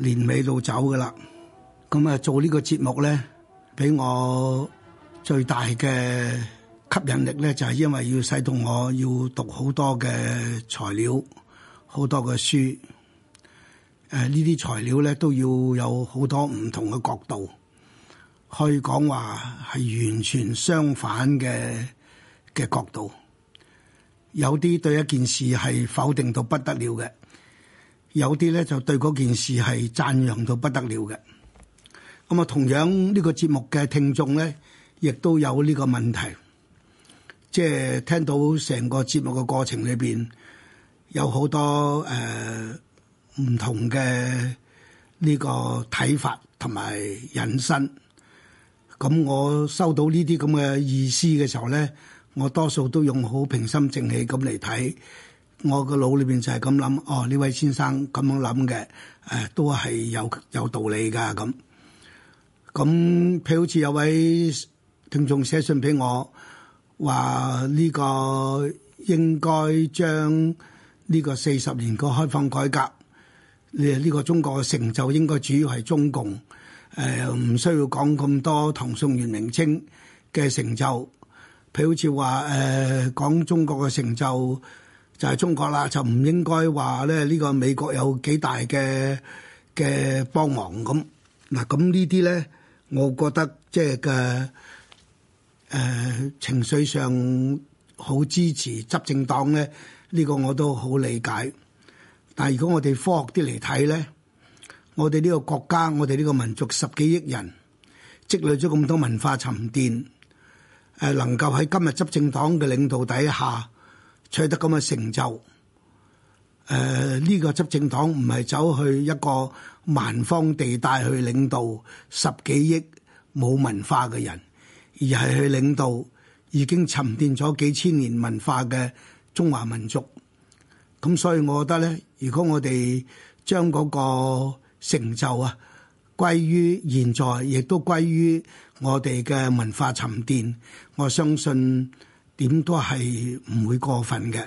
年尾到走噶啦，咁啊做呢個節目咧，俾我最大嘅吸引力咧，就係因為要使到我要讀好多嘅材料，好多嘅書。誒，呢啲材料咧都要有好多唔同嘅角度，可以講話係完全相反嘅嘅角度，有啲對一件事係否定到不得了嘅。有啲咧就對嗰件事係讚揚到不得了嘅，咁啊同樣呢、呢個節目嘅聽眾咧，亦都有呢個問題，即係聽到成個節目嘅過程裏邊有好多誒唔、呃、同嘅呢個睇法同埋引申。咁我收到呢啲咁嘅意思嘅時候咧，我多數都用好平心靜氣咁嚟睇。我個腦裏邊就係咁諗，哦呢位先生咁樣諗嘅，誒、呃、都係有有道理噶。咁咁，譬如好似有位聽眾寫信俾我，話呢個應該將呢個四十年個開放改革，你、這、呢個中國嘅成就應該主要係中共誒，唔、呃、需要講咁多唐宋元明清嘅成就。譬如好似話誒講中國嘅成就。就係中國啦，就唔應該話咧呢個美國有幾大嘅嘅幫忙咁嗱，咁呢啲咧，我覺得即係嘅誒情緒上好支持執政黨咧，呢個我都好理解。但係如果我哋科學啲嚟睇咧，我哋呢個國家，我哋呢個民族十幾億人積累咗咁多文化沉澱，誒能夠喺今日執政黨嘅領導底下。取得咁嘅成就，誒、呃、呢、呢個執政黨唔係走去一個蠻荒地帶去領導十幾億冇文化嘅人，而係去領導已經沉澱咗幾千年文化嘅中華民族。咁所以，我覺得咧，如果我哋將嗰個成就啊歸於現在，亦都歸於我哋嘅文化沉澱，我相信，點都係唔會過分嘅，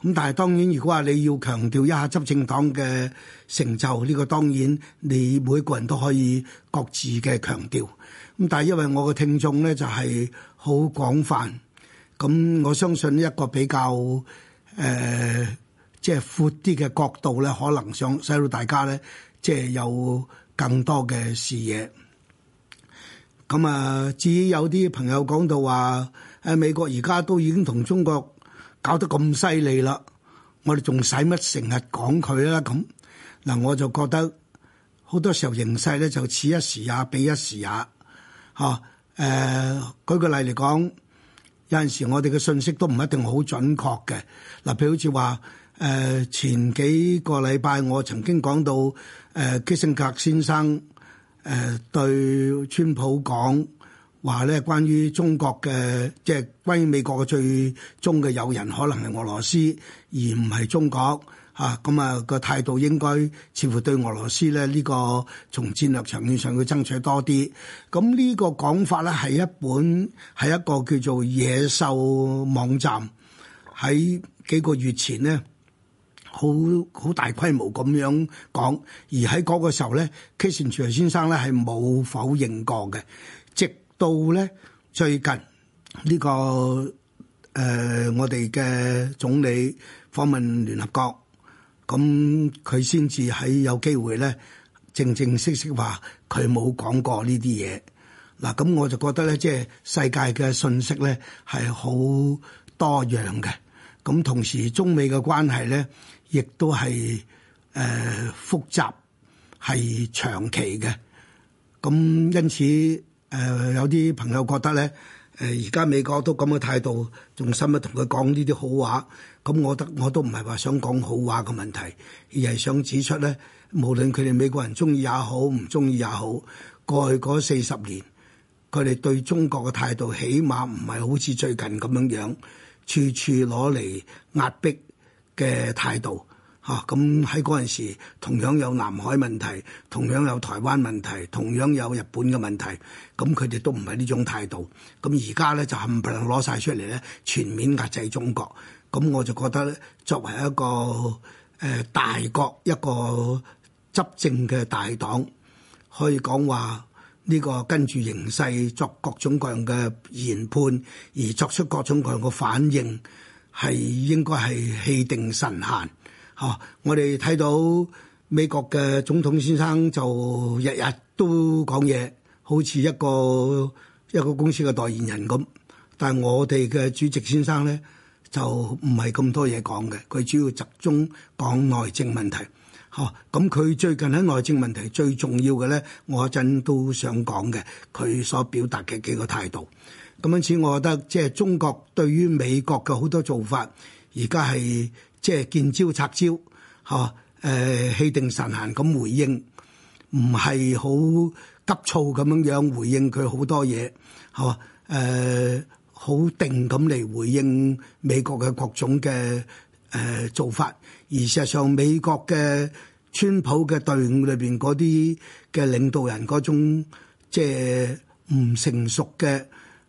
咁但係當然，如果話你要強調一下執政黨嘅成就，呢個當然你每個人都可以各自嘅強調。咁但係因為我嘅聽眾咧就係好廣泛，咁我相信一個比較誒即係闊啲嘅角度咧，可能想使到大家咧即係有更多嘅視野。咁啊，至於有啲朋友講到話。喺美國而家都已經同中國搞得咁犀利啦，我哋仲使乜成日講佢啦？咁嗱，我就覺得好多時候形勢咧就此一時也，彼一時也，嚇、啊、誒、呃、舉個例嚟講，有陣時我哋嘅信息都唔一定好準確嘅。嗱，譬如好似話誒前幾個禮拜我曾經講到誒、呃、基辛格先生誒、呃、對川普講。話咧，關於中國嘅，即係關於美國嘅最終嘅友人，可能係俄羅斯，而唔係中國。嚇、啊，咁、那、啊個態度應該似乎對俄羅斯咧呢、這個從戰略層面上要爭取多啲。咁呢個講法咧係一本係一個叫做野獸網站喺幾個月前呢，好好大規模咁樣講，而喺嗰個時候咧，基辛格先生咧係冇否認過嘅。到咧最近呢個誒，我哋嘅總理訪問聯合國，咁佢先至喺有機會咧正正式式話佢冇講過呢啲嘢。嗱，咁我就覺得咧，即係世界嘅信息咧係好多樣嘅。咁同時中美嘅關係咧，亦都係誒複雜，係長期嘅。咁因此。誒、呃、有啲朋友覺得咧，誒而家美國都咁嘅態度，仲使乜同佢講呢啲好話，咁我覺得我都唔係話想講好話嘅問題，而係想指出咧，無論佢哋美國人中意也好，唔中意也好，過去嗰四十年，佢哋對中國嘅態度，起碼唔係好似最近咁樣樣，處處攞嚟壓迫嘅態度。嚇！咁喺嗰陣時，同樣有南海問題，同樣有台灣問題，同樣有日本嘅問題。咁佢哋都唔係呢種態度。咁而家咧就冚唪唥攞晒出嚟咧，全面壓制中國。咁我就覺得咧，作為一個誒、呃、大國一個執政嘅大黨，可以講話呢個跟住形勢作各種各樣嘅研判，而作出各種各樣嘅反應，係應該係氣定神閒。嚇！我哋睇到美國嘅總統先生就日日都講嘢，好似一個一個公司嘅代言人咁。但係我哋嘅主席先生咧就唔係咁多嘢講嘅，佢主要集中講內政問題。嚇！咁佢最近喺內政問題最重要嘅咧，我一陣都想講嘅，佢所表達嘅幾個態度。咁因此，我覺得即係中國對於美國嘅好多做法，而家係。即係見招拆招，嚇、誒氣定神閒咁回應，唔係好急躁咁樣樣回應佢好多嘢，係嘛？誒好定咁嚟回應美國嘅各種嘅誒、呃、做法，而事實上美國嘅川普嘅隊伍裏邊嗰啲嘅領導人嗰種即係唔成熟嘅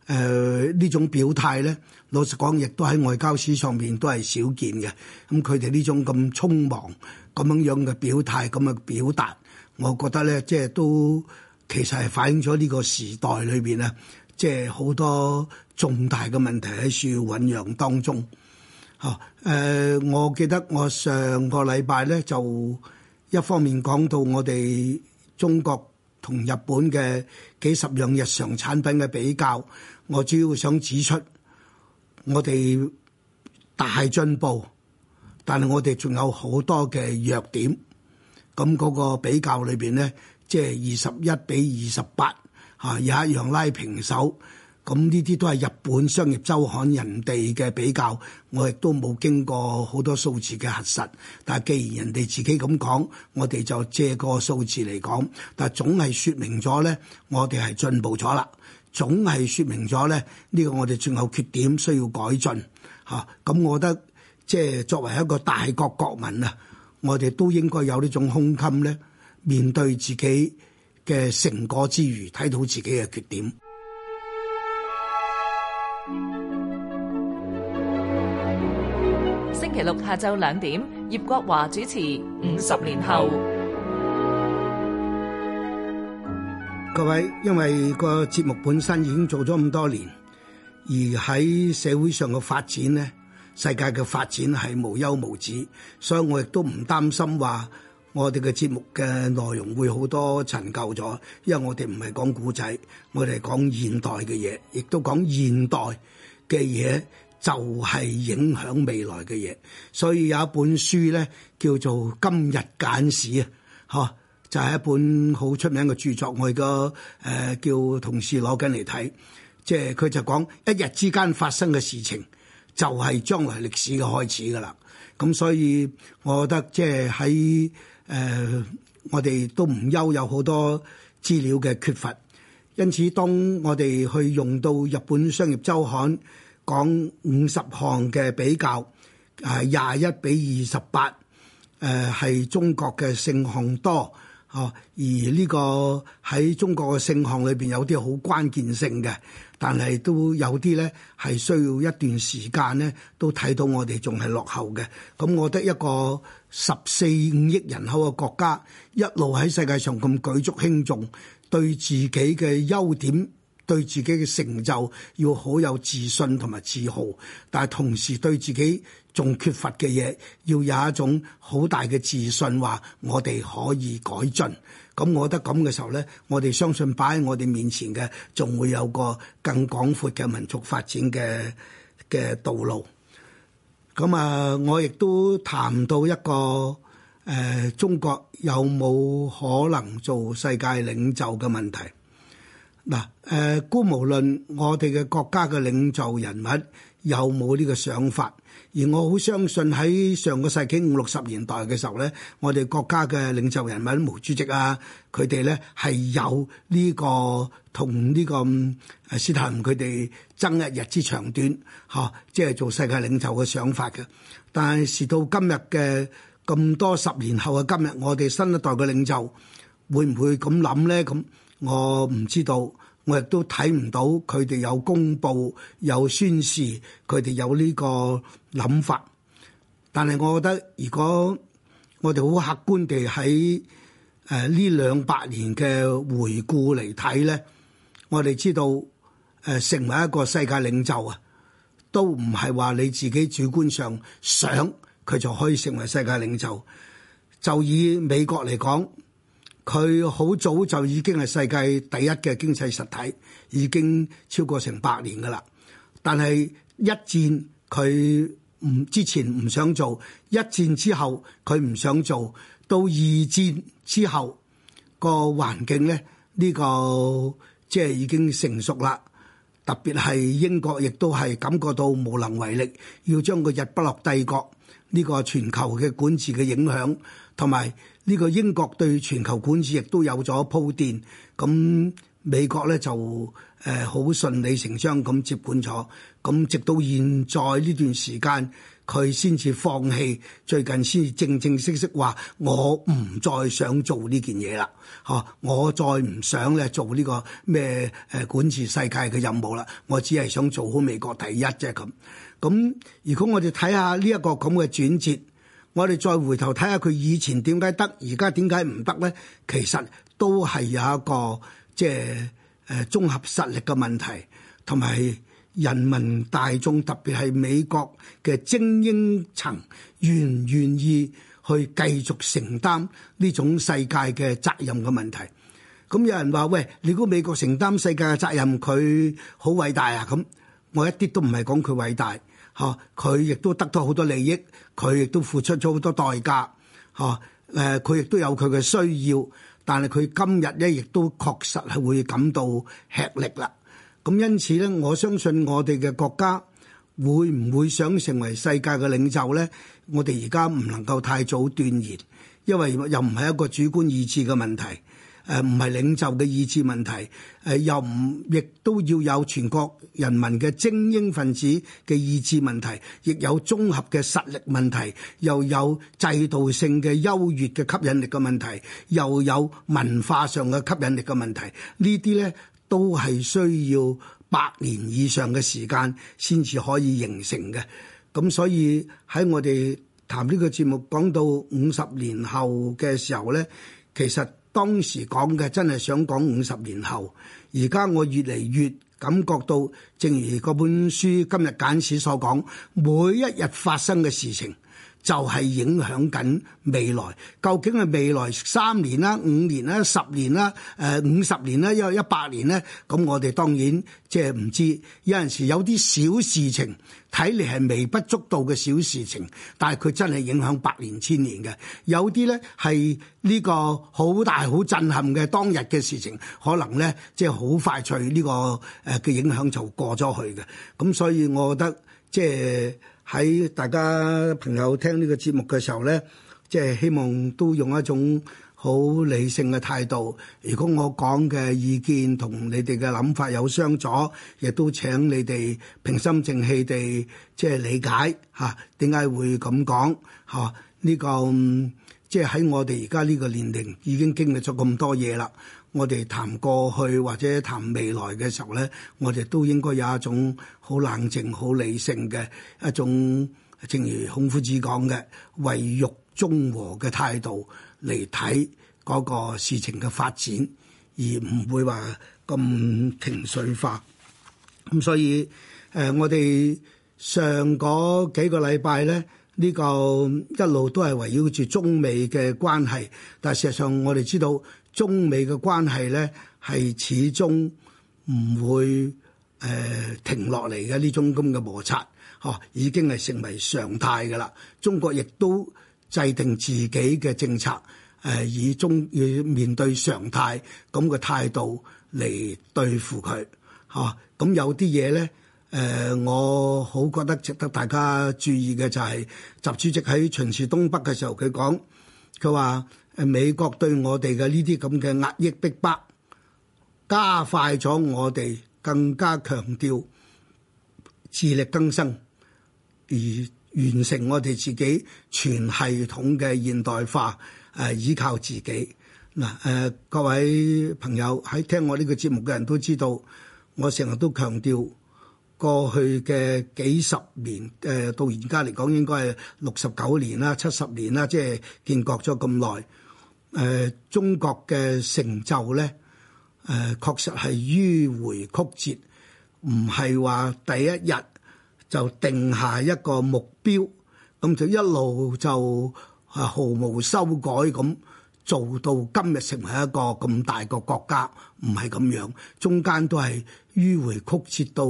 誒呢種表態咧。老實講，亦都喺外交史上面都係少見嘅。咁佢哋呢種咁匆忙咁樣樣嘅表態，咁嘅表達，我覺得咧，即係都其實係反映咗呢個時代裏邊咧，即係好多重大嘅問題喺處醖釀當中。嚇誒、呃，我記得我上個禮拜咧，就一方面講到我哋中國同日本嘅幾十樣日常產品嘅比較，我主要想指出。我哋大進步，但係我哋仲有好多嘅弱點。咁嗰個比較裏邊咧，即係二十一比二十八，嚇有一樣拉平手。咁呢啲都係日本商業週刊人哋嘅比較，我亦都冇經過好多數字嘅核實。但係既然人哋自己咁講，我哋就借個數字嚟講。但係總係説明咗咧，我哋係進步咗啦。總係說明咗咧，呢個我哋最後缺點需要改進，吓，咁，我覺得即係作為一個大國國民啊，我哋都應該有呢種胸襟咧，面對自己嘅成果之餘，睇到自己嘅缺點。星期六下晝兩點，葉國華主持《五十年後》。各位，因為個節目本身已經做咗咁多年，而喺社會上嘅發展咧，世界嘅發展係無休無止，所以我亦都唔擔心話我哋嘅節目嘅內容會好多陳舊咗，因為我哋唔係講古仔，我哋講現代嘅嘢，亦都講現代嘅嘢就係影響未來嘅嘢，所以有一本書咧叫做《今日簡史》啊，吓。就係一本好出名嘅著作，我而家叫同事攞緊嚟睇，即係佢就講一日之間發生嘅事情，就係、是、將來歷史嘅開始噶啦。咁所以，我覺得即係喺誒，我哋都唔憂有好多資料嘅缺乏，因此當我哋去用到日本商業周刊講五十項嘅比較，係廿一比二十八，誒係中國嘅勝項多。哦，而呢個喺中國嘅勝項裏邊有啲好關鍵性嘅，但係都有啲咧係需要一段時間咧，都睇到我哋仲係落後嘅。咁、嗯、我覺得一個十四五億人口嘅國家，一路喺世界上咁舉足輕重，對自己嘅優點。對自己嘅成就要好有自信同埋自豪，但係同時對自己仲缺乏嘅嘢，要有一種好大嘅自信，話我哋可以改進。咁我覺得咁嘅時候呢，我哋相信擺喺我哋面前嘅，仲會有個更廣闊嘅民族發展嘅嘅道路。咁啊，我亦都談到一個誒、呃，中國有冇可能做世界領袖嘅問題？嗱，誒、呃，姑無論我哋嘅國家嘅領袖人物有冇呢個想法，而我好相信喺上個世紀五六十年代嘅時候咧，我哋國家嘅領袖人物毛主席啊，佢哋咧係有呢、呢個同呢個斯大林，佢哋爭一日之長短，嚇、啊，即係做世界領袖嘅想法嘅。但係時到今日嘅咁多十年後嘅今日，我哋新一代嘅領袖會唔會咁諗咧？咁？我唔知道，我亦都睇唔到佢哋有公布、有宣示，佢哋有呢個諗法。但係我覺得如果我哋好客觀地喺誒呢兩百年嘅回顧嚟睇咧，我哋知道誒、呃、成為一個世界領袖啊，都唔係話你自己主觀上想佢就可以成為世界領袖。就以美國嚟講。佢好早就已經係世界第一嘅經濟實體，已經超過成百年噶啦。但係一戰，佢唔之前唔想做，一戰之後，佢唔想做，到二戰之後個環境咧，呢個即係已經成熟啦。特別係英國亦都係感覺到無能為力，要將個日不落帝國呢個全球嘅管治嘅影響同埋。呢個英國對全球管治亦都有咗鋪墊，咁美國咧就誒好順理成章咁接管咗，咁直到現在呢段時間，佢先至放棄，最近先至正正式式話我唔再想做呢件嘢啦，嚇我再唔想咧做呢個咩誒管治世界嘅任務啦，我只係想做好美國第一啫咁。咁如果我哋睇下呢一個咁嘅轉折。我哋再回頭睇下佢以前點解得，而家點解唔得咧？其實都係有一個即係誒綜合實力嘅問題，同埋人民大眾，特別係美國嘅精英層願唔願意去繼續承擔呢種世界嘅責任嘅問題。咁有人話：「喂，你估美國承擔世界嘅責任，佢好偉大啊！」咁我一啲都唔係講佢偉大。嗬，佢亦都得到好多利益，佢亦都付出咗好多代價，嗬，誒，佢亦都有佢嘅需要，但係佢今日咧，亦都確實係會感到吃力啦。咁因此咧，我相信我哋嘅國家會唔會想成為世界嘅領袖咧？我哋而家唔能夠太早斷言，因為又唔係一個主觀意志嘅問題。誒，唔係領袖嘅意志問題，誒，又唔亦都要有全國人民嘅精英分子嘅意志問題，亦有綜合嘅實力問題，又有制度性嘅優越嘅吸引力嘅問題，又有文化上嘅吸引力嘅問題。呢啲咧，都係需要百年以上嘅時間先至可以形成嘅。咁所以喺我哋談呢個節目講到五十年後嘅時候咧，其實。當時講嘅真係想講五十年後，而家我越嚟越感覺到，正如嗰本書今日簡史所講，每一日發生嘅事情。就係影響緊未來，究竟係未來三年啦、五年啦、十年啦、誒五十年咧、一一百年咧？咁我哋當然即係唔知，有陣時有啲小事情睇嚟係微不足道嘅小事情，但係佢真係影響百年千年嘅。有啲咧係呢個好大好震撼嘅當日嘅事情，可能咧即係好快脆呢個誒嘅影響就過咗去嘅。咁所以我覺得即係。喺大家朋友聽呢個節目嘅時候咧，即係希望都用一種好理性嘅態度。如果我講嘅意見同你哋嘅諗法有相左，亦都請你哋平心靜氣地即係理解嚇，點解會咁講嚇？呢個即係喺我哋而家呢個年齡已經經歷咗咁多嘢啦。我哋談過去或者談未來嘅時候咧，我哋都應該有一種好冷靜、好理性嘅一種，正如孔夫子講嘅，為欲中和嘅態度嚟睇嗰個事情嘅發展，而唔會話咁情緒化。咁所以誒，我哋上嗰幾個禮拜咧，呢、這個一路都係圍繞住中美嘅關係，但係事實上我哋知道。中美嘅關係咧，係始終唔會誒、呃、停落嚟嘅呢種咁嘅摩擦，嚇、啊、已經係成為常態㗎喇。中國亦都制定自己嘅政策，誒、啊、以中要面對常態咁嘅態度嚟對付佢，嚇、啊、咁、啊、有啲嘢咧，誒、呃、我好覺得值得大家注意嘅就係習主席喺巡視東北嘅時候，佢講，佢話。誒，美國對我哋嘅呢啲咁嘅壓抑逼迫，加快咗我哋更加強調自力更生，而完成我哋自己全系統嘅現代化，誒、啊、依靠自己。嗱、啊、誒、啊、各位朋友喺聽我呢個節目嘅人都知道，我成日都強調過去嘅幾十年，誒、啊、到而家嚟講應該係六十九年啦、七十年啦，即、就、係、是、建國咗咁耐。誒、呃、中國嘅成就咧，誒、呃、確實係迂迴曲折，唔係話第一日就定下一個目標，咁就一路就係毫無修改咁做到今日成為一個咁大個國家，唔係咁樣，中間都係迂迴曲折到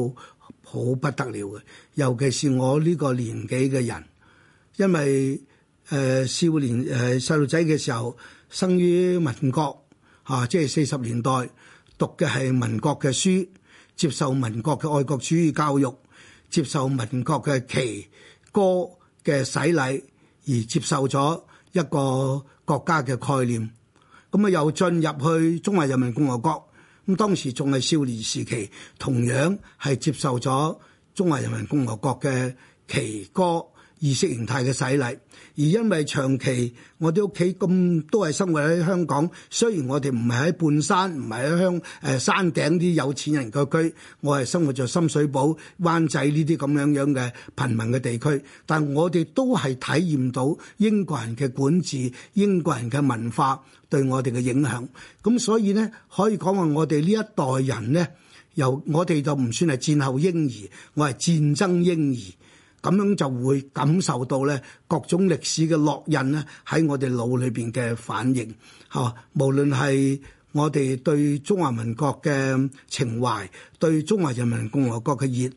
好不得了嘅。尤其是我呢個年紀嘅人，因為誒、呃、少年誒細路仔嘅時候。生於民國，嚇，即係四十年代讀嘅係民國嘅書，接受民國嘅愛國主義教育，接受民國嘅旗歌嘅洗禮，而接受咗一個國家嘅概念。咁啊，又進入去中華人民共和國，咁當時仲係少年時期，同樣係接受咗中華人民共和國嘅旗歌。意識形態嘅洗禮。而因為長期我哋屋企咁都係生活喺香港，雖然我哋唔係喺半山，唔係喺香誒山頂啲有錢人嘅區，我係生活在深水埗、灣仔呢啲咁樣樣嘅貧民嘅地區，但我哋都係體驗到英國人嘅管治、英國人嘅文化對我哋嘅影響。咁所以咧，可以講話我哋呢一代人咧，由我哋就唔算係戰後嬰兒，我係戰爭嬰兒。咁樣就會感受到咧各種歷史嘅烙印咧喺我哋腦裏邊嘅反應，吓，無論係。我哋對中華民國嘅情懷，對中華人民共和國嘅熱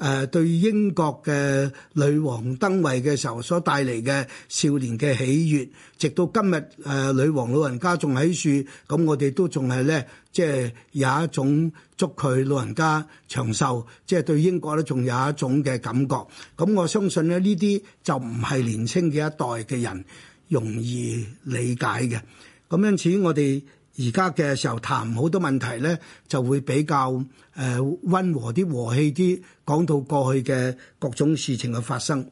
愛，誒對英國嘅女王登位嘅時候所帶嚟嘅少年嘅喜悅，直到今日誒女王老人家仲喺樹，咁我哋都仲係咧，即係有一種祝佢老人家長壽，即係對英國咧仲有一種嘅感覺。咁我相信咧呢啲就唔係年青嘅一代嘅人容易理解嘅。咁因此我哋。而家嘅時候談好多問題咧，就會比較誒、呃、溫和啲、和氣啲，講到過去嘅各種事情嘅發生。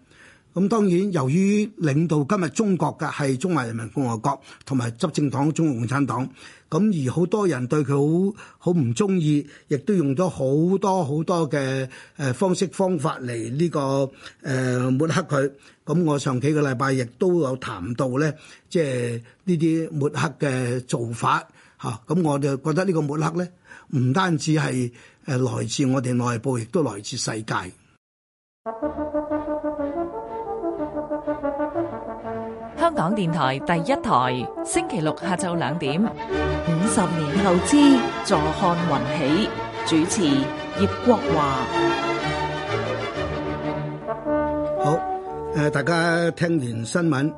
咁、嗯、當然由於領導今日中國嘅係中華人民共和國同埋執政黨中國共產黨，咁、嗯、而好多人對佢好好唔中意，亦都用咗好多好多嘅誒方式方法嚟呢、呢個誒、呃、抹黑佢。咁、嗯、我上幾個禮拜亦都有談到咧，即係呢啲抹黑嘅做法。咁、啊嗯、我就覺得個呢個抹黑咧，唔單止係誒來自我哋內部，亦都來自世界。香港電台第一台，星期六下晝兩點。五十年後之坐看雲起，主持葉國華。好誒、呃，大家聽完新聞，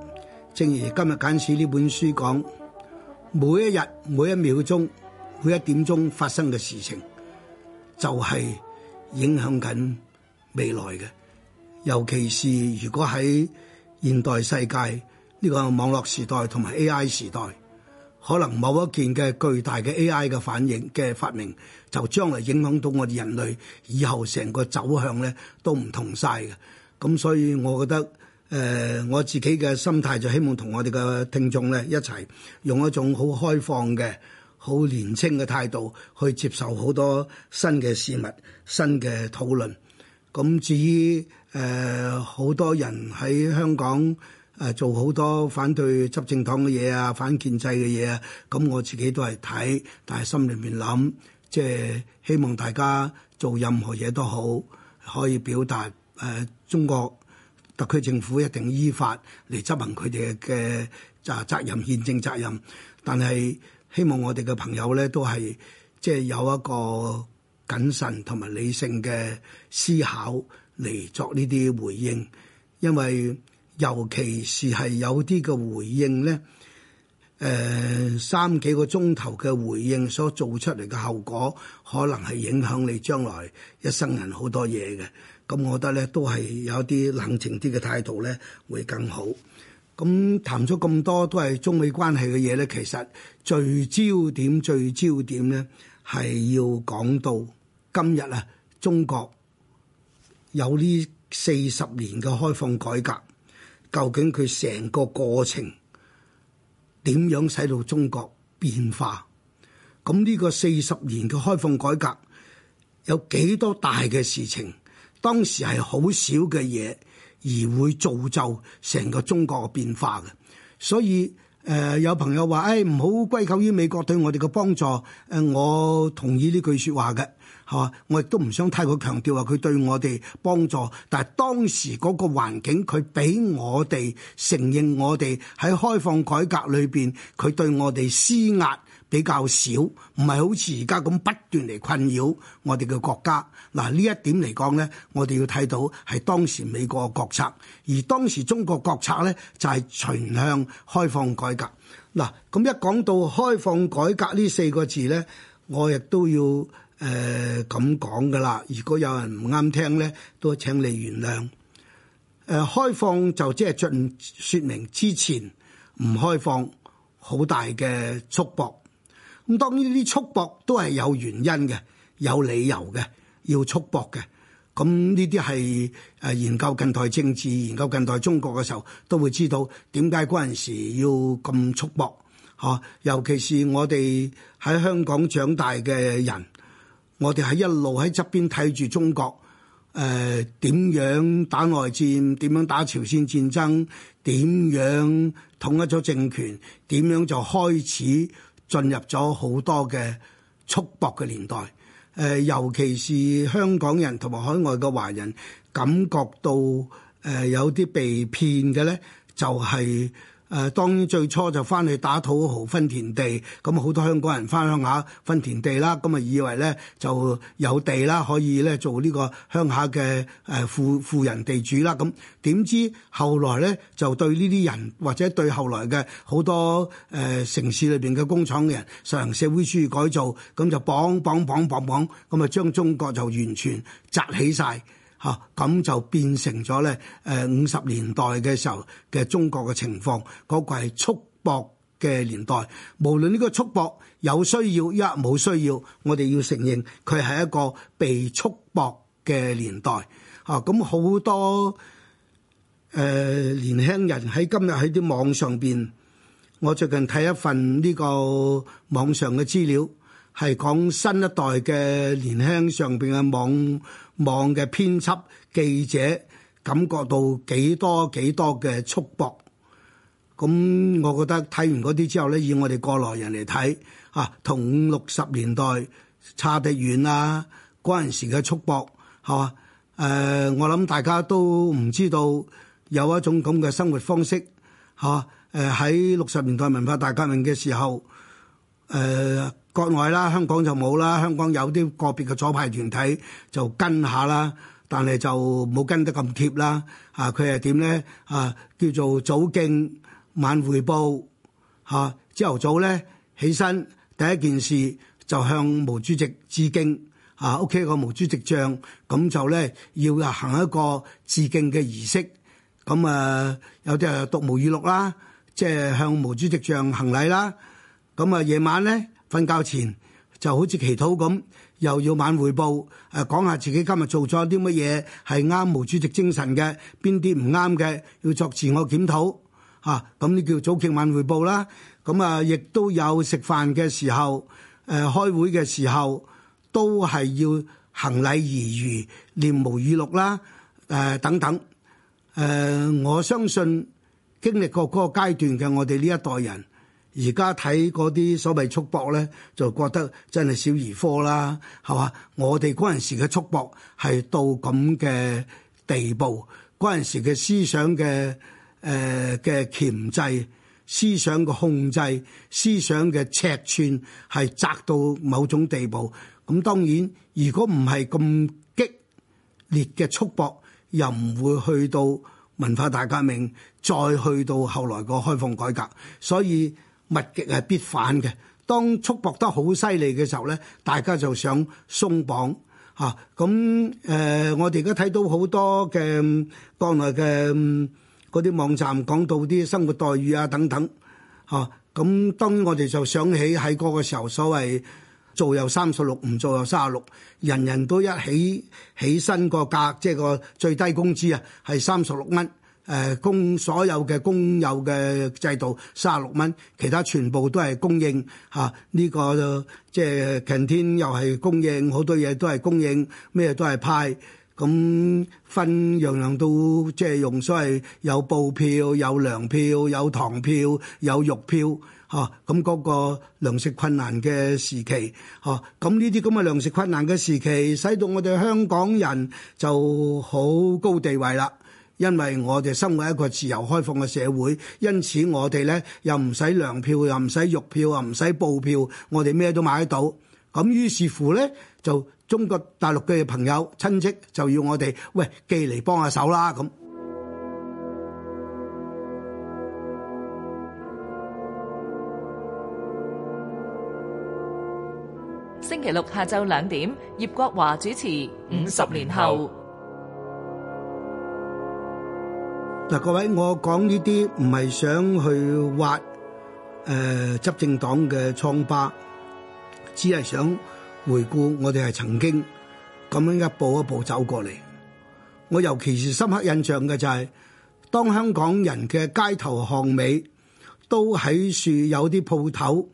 正如今日簡史呢本書講。每一日每一秒鐘每一點鐘發生嘅事情，就係影響緊未來嘅。尤其是如果喺現代世界呢個網絡時代同埋 A.I. 時代，可能某一件嘅巨大嘅 A.I. 嘅反應嘅發明，就將來影響到我哋人類以後成個走向咧，都唔同曬嘅。咁所以我覺得。誒我自己嘅心態就希望同我哋嘅聽眾咧一齊用一種好開放嘅、好年青嘅態度去接受好多新嘅事物、新嘅討論。咁至於誒好多人喺香港誒做好多反對執政黨嘅嘢啊、反建制嘅嘢啊，咁我自己都係睇，但係心裏面諗，即係希望大家做任何嘢都好，可以表達誒中國。特區政府一定依法嚟執行佢哋嘅就係責任、憲政責任。但係希望我哋嘅朋友咧，都係即係有一個謹慎同埋理性嘅思考嚟作呢啲回應。因為尤其是係有啲嘅回應咧，誒、呃、三幾個鐘頭嘅回應所做出嚟嘅後果，可能係影響你將來一生人好多嘢嘅。咁我覺得咧，都係有啲冷靜啲嘅態度咧，會更好。咁談咗咁多都係中美關係嘅嘢咧，其實最焦點、最焦點咧，係要講到今日啊。中國有呢四十年嘅開放改革，究竟佢成個過程點樣使到中國變化？咁呢個四十年嘅開放改革有幾多大嘅事情？當時係好少嘅嘢，而會造就成個中國嘅變化嘅。所以誒、呃，有朋友話，誒唔好歸咎於美國對我哋嘅幫助。誒、呃，我同意呢句說話嘅嚇、啊，我亦都唔想太過強調話佢對我哋幫助，但係當時嗰個環境，佢俾我哋承認我哋喺開放改革裏邊，佢對我哋施壓。比較少，唔係好似而家咁不斷嚟困擾我哋嘅國家。嗱、呃，呢一點嚟講咧，我哋要睇到係當時美國嘅國策，而當時中國國策咧就係、是、循向開放改革。嗱、呃，咁一講到開放改革呢四個字咧，我亦都要誒咁講㗎喇。如果有人唔啱聽咧，都請你原諒。誒、呃，開放就即係盡說明之前唔開放好大嘅束縛。咁當呢啲束縛都係有原因嘅，有理由嘅，要束縛嘅。咁呢啲係誒研究近代政治、研究近代中國嘅時候，都會知道點解嗰陣時要咁束縛嚇、啊。尤其是我哋喺香港長大嘅人，我哋係一路喺側邊睇住中國誒點、呃、樣打外戰，點樣打朝鮮戰爭，點樣統一咗政權，點樣就開始，進入咗好多嘅束縛嘅年代，誒、呃、尤其是香港人同埋海外嘅華人，感覺到誒、呃、有啲被騙嘅咧，就係、是。誒、呃、當然最初就翻去打土豪分田地，咁、嗯、好多香港人翻鄉下分田地啦，咁、嗯、咪以為咧就有地啦，可以咧做呢個鄉下嘅誒富富人地主啦，咁、嗯、點知後來咧就對呢啲人或者對後來嘅好多誒、呃、城市裏邊嘅工廠嘅人實行社會主義改造，咁、嗯、就綁綁綁綁綁，綁，綁，綁，咁、嗯、咪將中國就完全砸起晒。嚇，咁就變成咗咧，誒五十年代嘅時候嘅中國嘅情況，嗰、那個係束縛嘅年代。無論呢個束縛有需要一冇需要，我哋要承認佢係一個被束縛嘅年代。嚇，咁好多誒、呃、年輕人喺今日喺啲網上邊，我最近睇一份呢個網上嘅資料。係講新一代嘅年輕上邊嘅網網嘅編輯記者，感覺到幾多幾多嘅束縛咁。我覺得睇完嗰啲之後咧，以我哋過來人嚟睇啊，同六十年代差得遠啊，嗰陣時嘅束縛嚇誒。我諗大家都唔知道有一種咁嘅生活方式嚇誒，喺六十年代文化大革命嘅時候誒。啊國外啦，香港就冇啦。香港有啲個別嘅左派團體就跟下啦，但係就冇跟得咁貼啦。啊，佢係點咧？啊，叫做早敬晚匯報。嚇，朝頭早咧，起身第一件事就向毛主席致敬。啊，屋企個毛主席像咁就咧要行一個致敬嘅儀式。咁啊，有啲係讀毛語錄啦，即係向毛主席像行禮啦。咁啊，夜晚咧。瞓覺前就好似祈禱咁，又要晚匯報，誒講下自己今日做咗啲乜嘢係啱毛主席精神嘅，邊啲唔啱嘅要作自我檢討嚇，咁、啊、呢叫早結晚匯報啦。咁啊，亦都有食飯嘅時候，誒、啊、開會嘅時候都係要行禮如儀念毛語錄啦，誒、啊、等等。誒、啊、我相信經歷過嗰個階段嘅我哋呢一代人。而家睇嗰啲所謂束縛咧，就覺得真係小兒科啦，係嘛？我哋嗰陣時嘅束縛係到咁嘅地步，嗰陣時嘅思想嘅誒嘅鉗制、思想嘅控制、思想嘅尺寸係窄到某種地步。咁當然，如果唔係咁激烈嘅束縛，又唔會去到文化大革命，再去到後來個開放改革。所以。物極係必反嘅，當束縛得好犀利嘅時候咧，大家就想鬆綁嚇。咁、啊、誒、呃，我哋而家睇到好多嘅國內嘅嗰啲網站講到啲生活待遇啊等等嚇。咁、啊、當我哋就想起喺嗰個時候所謂做又三十六，唔做又三十六，人人都一起起身個價，即、就、係、是、個最低工資啊，係三十六蚊。誒公所有嘅公有嘅制度三十六蚊，其他全部都係供應嚇，呢個就即係擎天又係供應，好多嘢都係供應，咩都係派，咁分樣樣都即係用，所謂有布票、有糧票、有糖票、有肉票嚇，咁、啊、嗰個糧食困難嘅時期嚇，咁呢啲咁嘅糧食困難嘅時期，使到我哋香港人就好高地位啦。因為我哋生活一個自由開放嘅社會，因此我哋咧又唔使糧票，又唔使肉票，又唔使布票，我哋咩都買得到。咁於是乎咧，就中國大陸嘅朋友親戚就要我哋喂寄嚟幫下手啦。咁星期六下晝兩點，葉國華主持《五十年後》。嗱，各位，我講呢啲唔係想去挖誒、呃、執政黨嘅瘡疤，只係想回顧我哋係曾經咁樣一步一步走過嚟。我尤其是深刻印象嘅就係、是，當香港人嘅街頭巷尾都喺處有啲鋪頭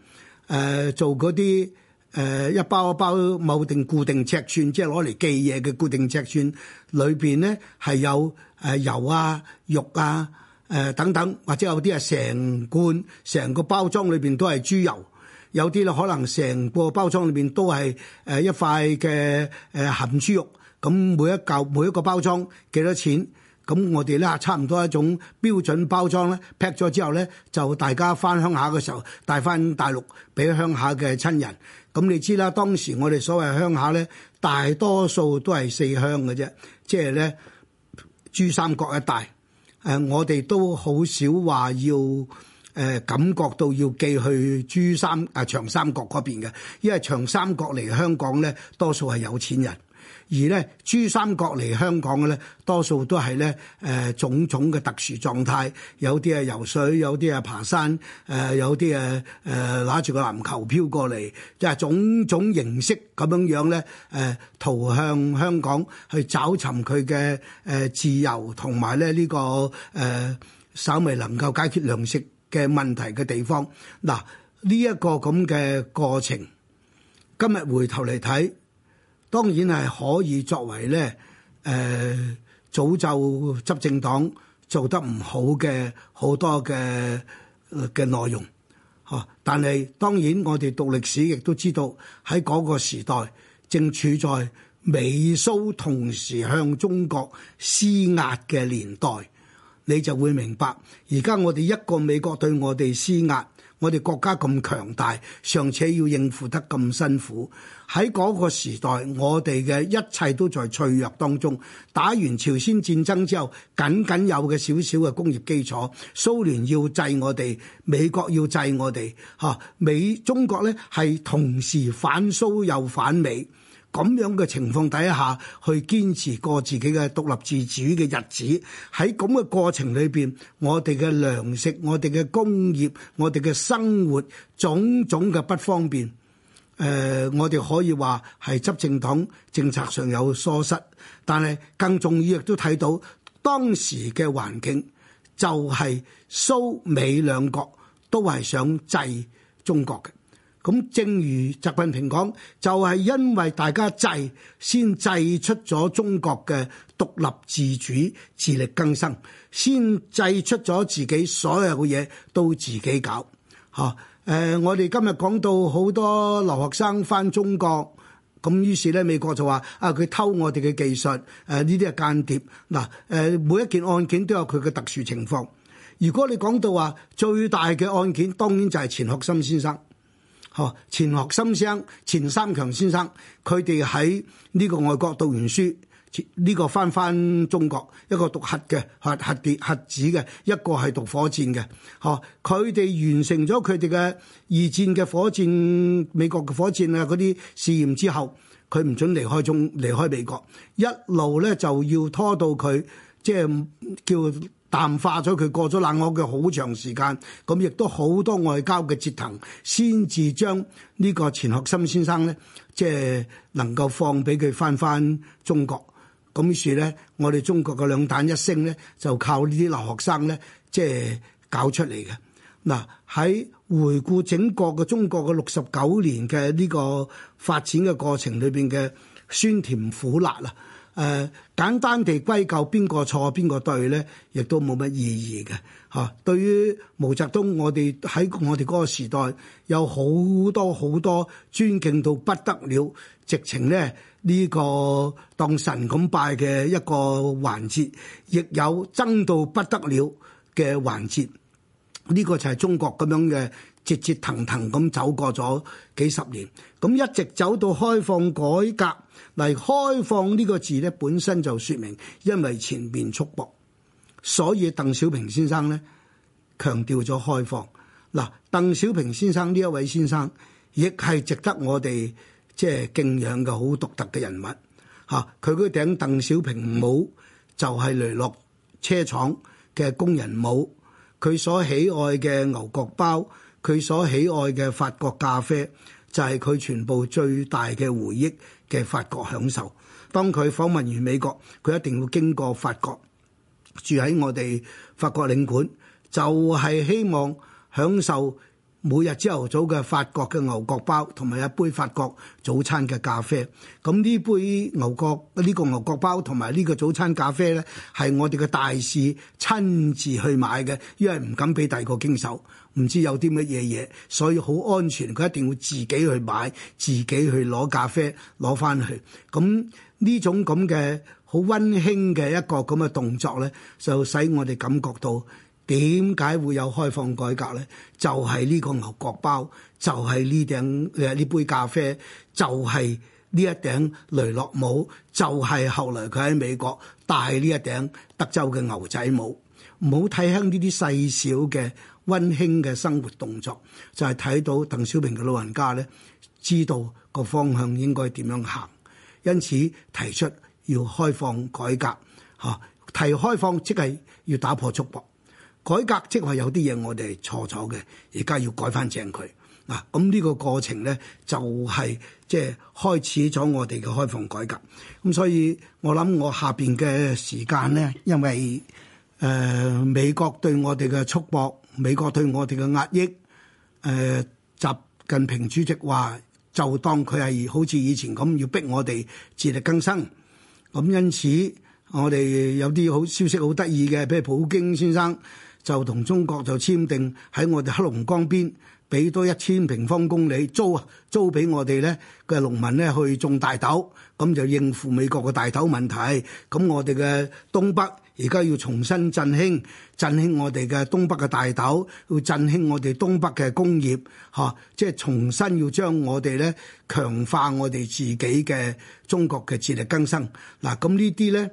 誒做嗰啲誒一包一包某定固定尺寸，即係攞嚟寄嘢嘅固定尺寸，裏邊咧係有。誒油啊、肉啊、誒、呃、等等，或者有啲係成罐、成個包裝裏邊都係豬油，有啲咧可能成個包裝裏邊都係誒一塊嘅誒鹹豬肉。咁每一嚿每一個包裝幾多錢？咁我哋咧差唔多一種標準包裝咧，劈咗之後咧，就大家翻鄉下嘅時候帶翻大陸俾鄉下嘅親人。咁你知啦，當時我哋所謂鄉下咧，大多數都係四鄉嘅啫，即係咧。珠三角一帶誒、呃、我哋都好少話要，誒、呃、感覺到要寄去珠三啊、呃、長三角嗰邊嘅，因為長三角嚟香港咧，多數係有錢人。而咧，珠三角嚟香港嘅咧，多數都係咧，誒、呃，種種嘅特殊狀態，有啲係游水，有啲係爬山，誒、呃，有啲誒誒，攞、呃、住個籃球飄過嚟，即係種種形式咁樣樣咧，誒、呃，逃向香港去找尋佢嘅誒自由，同埋咧呢、這個誒、呃，稍微能夠解決糧食嘅問題嘅地方。嗱，呢、這、一個咁嘅過程，今日回頭嚟睇。當然係可以作為咧，誒、呃，早就執政黨做得唔好嘅好多嘅嘅、呃、內容，嚇、啊。但係當然我哋讀歷史亦都知道，喺嗰個時代正處在美蘇同時向中國施壓嘅年代，你就會明白。而家我哋一個美國對我哋施壓。我哋國家咁強大，尚且要應付得咁辛苦。喺嗰個時代，我哋嘅一切都在脆弱當中。打完朝鮮戰爭之後，僅僅有嘅少少嘅工業基礎，蘇聯要制我哋，美國要制我哋，嚇美中國咧，係同時反蘇又反美。咁樣嘅情況底下去堅持過自己嘅獨立自主嘅日子，喺咁嘅過程裏邊，我哋嘅糧食、我哋嘅工業、我哋嘅生活，種種嘅不方便，誒、呃，我哋可以話係執政黨政策上有疏失，但係更重要亦都睇到當時嘅環境就係蘇美兩國都係想制中國嘅。咁正如習近平講，就係、是、因為大家制，先製出咗中國嘅獨立自主、自力更生，先製出咗自己所有嘅嘢都自己搞吓誒、呃，我哋今日講到好多留學生翻中國，咁於是咧美國就話啊，佢偷我哋嘅技術，誒呢啲係間諜嗱。誒、啊、每一件案件都有佢嘅特殊情況，如果你講到話最大嘅案件，當然就係錢學森先生。哦，錢學森先生，錢三強先生，佢哋喺呢個外國讀完書，呢個翻翻中國，一個讀核嘅核核裂核子嘅，一個係讀火箭嘅，呵，佢哋完成咗佢哋嘅二戰嘅火箭，美國嘅火箭啊嗰啲試驗之後，佢唔准離開中離開美國，一路咧就要拖到佢即係叫。淡化咗佢過咗冷屋嘅好長時間，咁亦都好多外交嘅折騰，先至將呢個錢學森先生咧，即係能夠放俾佢翻翻中國。咁於是咧，我哋中國嘅兩彈一星咧，就靠呢啲留學生咧，即係搞出嚟嘅。嗱，喺回顧整個嘅中國嘅六十九年嘅呢個發展嘅過程裏邊嘅酸甜苦辣啊！誒、呃、簡單地歸咎邊個錯邊個對咧，亦都冇乜意義嘅嚇。對於毛澤東，我哋喺我哋嗰個時代有好多好多尊敬到不得了，直情咧呢、呢個當神咁拜嘅一個環節，亦有爭到不得了嘅環節。呢、呢個就係中國咁樣嘅折折騰騰咁走過咗幾十年，咁一直走到開放改革。嚟開放呢個字咧，本身就説明，因為前面束縛，所以鄧小平先生咧強調咗開放。嗱，鄧小平先生呢一位先生，亦係值得我哋即係敬仰嘅好獨特嘅人物。嚇、啊，佢嗰頂鄧小平帽就係雷諾車廠嘅工人帽，佢所喜愛嘅牛角包，佢所喜愛嘅法國咖啡，就係佢全部最大嘅回憶嘅法國享受。當佢訪問完美國，佢一定要經過法國，住喺我哋法國領館，就係、是、希望享受每日朝頭早嘅法國嘅牛角包同埋一杯法國早餐嘅咖啡。咁呢杯牛角呢、呢個牛角包同埋呢個早餐咖啡咧，係我哋嘅大使親自去買嘅，因為唔敢俾第二個經手。唔知有啲乜嘢嘢，所以好安全。佢一定會自己去買，自己去攞咖啡攞翻去。咁呢種咁嘅好溫馨嘅一個咁嘅動作咧，就使我哋感覺到點解會有開放改革咧？就係呢個牛角包，就係呢頂嘅呢、啊、杯咖啡，就係呢一頂雷諾帽，就係後來佢喺美國戴呢一頂德州嘅牛仔帽。唔好睇輕呢啲細小嘅。温馨嘅生活動作，就係睇到鄧小平嘅老人家咧，知道個方向應該點樣行，因此提出要開放改革嚇。提開放即係要打破束縛，改革即係有啲嘢我哋錯咗嘅，而家要改翻正佢嗱。咁呢個過程咧，就係即係開始咗我哋嘅開放改革。咁所以我諗我下邊嘅時間咧，因為誒美國對我哋嘅束縛。美國對我哋嘅壓抑，誒、呃、習近平主席話就當佢係好似以前咁要逼我哋自力更生，咁因此我哋有啲好消息好得意嘅，譬如普京先生就同中國就簽訂喺我哋黑龍江邊。俾多一千平方公里租啊，租俾我哋咧嘅農民咧去種大豆，咁就應付美國嘅大豆問題。咁我哋嘅東北而家要重新振興，振興我哋嘅東北嘅大豆，要振興我哋東北嘅工業，嚇、啊，即係重新要將我哋咧強化我哋自己嘅中國嘅自力更生。嗱、啊，咁呢啲咧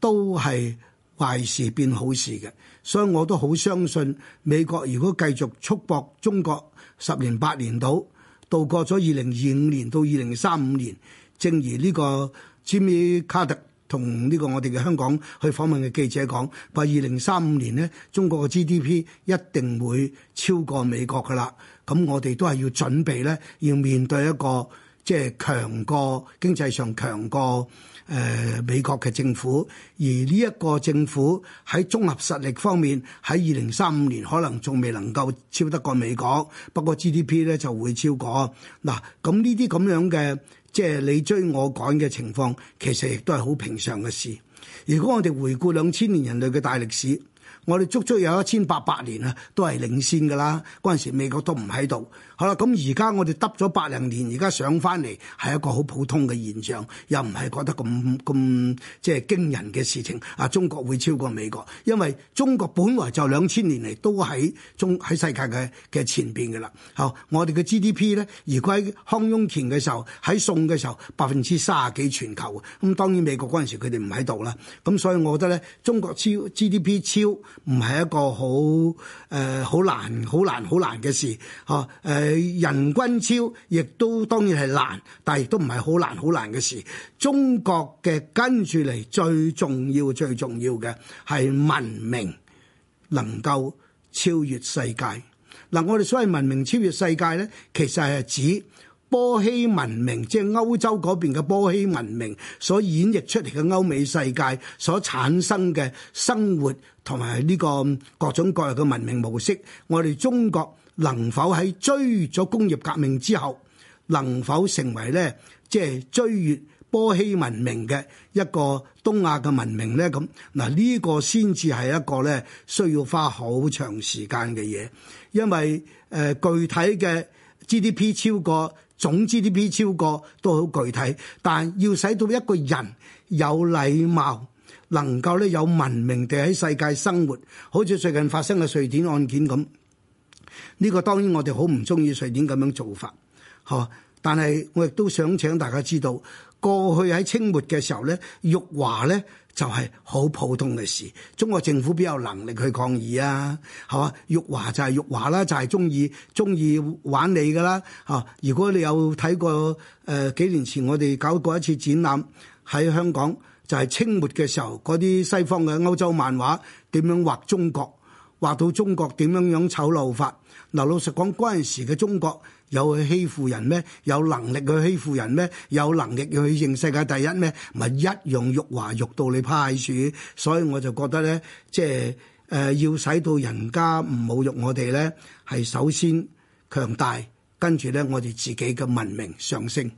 都係。壞事變好事嘅，所以我都好相信美國如果繼續束縛中國十年八年，到度過咗二零二五年到二零三五年，正如呢個 Jimmy 卡特同呢個我哋嘅香港去訪問嘅記者講，話二零三五年呢，中國嘅 GDP 一定會超過美國㗎喇。咁我哋都係要準備呢，要面對一個即係、就是、強過經濟上強過。誒、呃、美國嘅政府，而呢一個政府喺綜合實力方面，喺二零三五年可能仲未能夠超得過美國，不過 GDP 咧就會超過。嗱，咁呢啲咁樣嘅即係你追我趕嘅情況，其實亦都係好平常嘅事。如果我哋回顧兩千年人類嘅大歷史，我哋足足有一千八百年啊，都係領先噶啦。嗰陣時美國都唔喺度，好啦。咁而家我哋得咗八零年，而家上返嚟係一個好普通嘅現象，又唔係覺得咁咁即係驚人嘅事情。啊，中國會超過美國，因為中國本來就兩千年嚟都喺中喺世界嘅嘅前邊噶啦。好，我哋嘅 GDP 咧，如果喺康雍乾嘅時候，喺宋嘅時候百分之卅幾，全球。咁、啊嗯、當然美國嗰陣時佢哋唔喺度啦。咁、啊、所以我覺得咧，中國超 GDP 超。唔係一個好誒，好、呃、難、好難、好難嘅事。嗬誒、呃，人均超亦都當然係難，但係亦都唔係好難、好難嘅事。中國嘅跟住嚟最重要、最重要嘅係文明能夠超越世界。嗱、呃，我哋所謂文明超越世界咧，其實係指波希文明，即係歐洲嗰邊嘅波希文明所演繹出嚟嘅歐美世界所產生嘅生活。同埋呢個各種各樣嘅文明模式，我哋中國能否喺追咗工業革命之後，能否成為咧即係追越波希文明嘅一個東亞嘅文明咧？咁嗱，呢、這個先至係一個咧需要花好長時間嘅嘢，因為誒、呃、具體嘅 GDP 超過總 GDP 超過都好具體，但要使到一個人有禮貌。能夠咧有文明地喺世界生活，好似最近發生嘅瑞典案件咁。呢、這個當然我哋好唔中意瑞典咁樣做法，嚇！但係我亦都想請大家知道，過去喺清末嘅時候咧，辱華咧就係好普通嘅事。中國政府邊有能力去抗議啊？嚇！辱華就係辱華，就是，啦，就係中意中意玩你噶啦，嚇！如果你有睇過誒、呃、幾年前我哋搞過一次展覽喺香港。就係清末嘅時候，嗰啲西方嘅歐洲漫畫點樣畫中國，畫到中國點樣樣醜陋法。嗱，老實講，嗰陣時嘅中國有去欺負人咩？有能力去欺負人咩？有能力去認世界第一咩？咪一樣辱華辱到你派鼠。所以我就覺得咧，即係誒、呃、要使到人家唔侮辱我哋咧，係首先強大，跟住咧我哋自己嘅文明上升。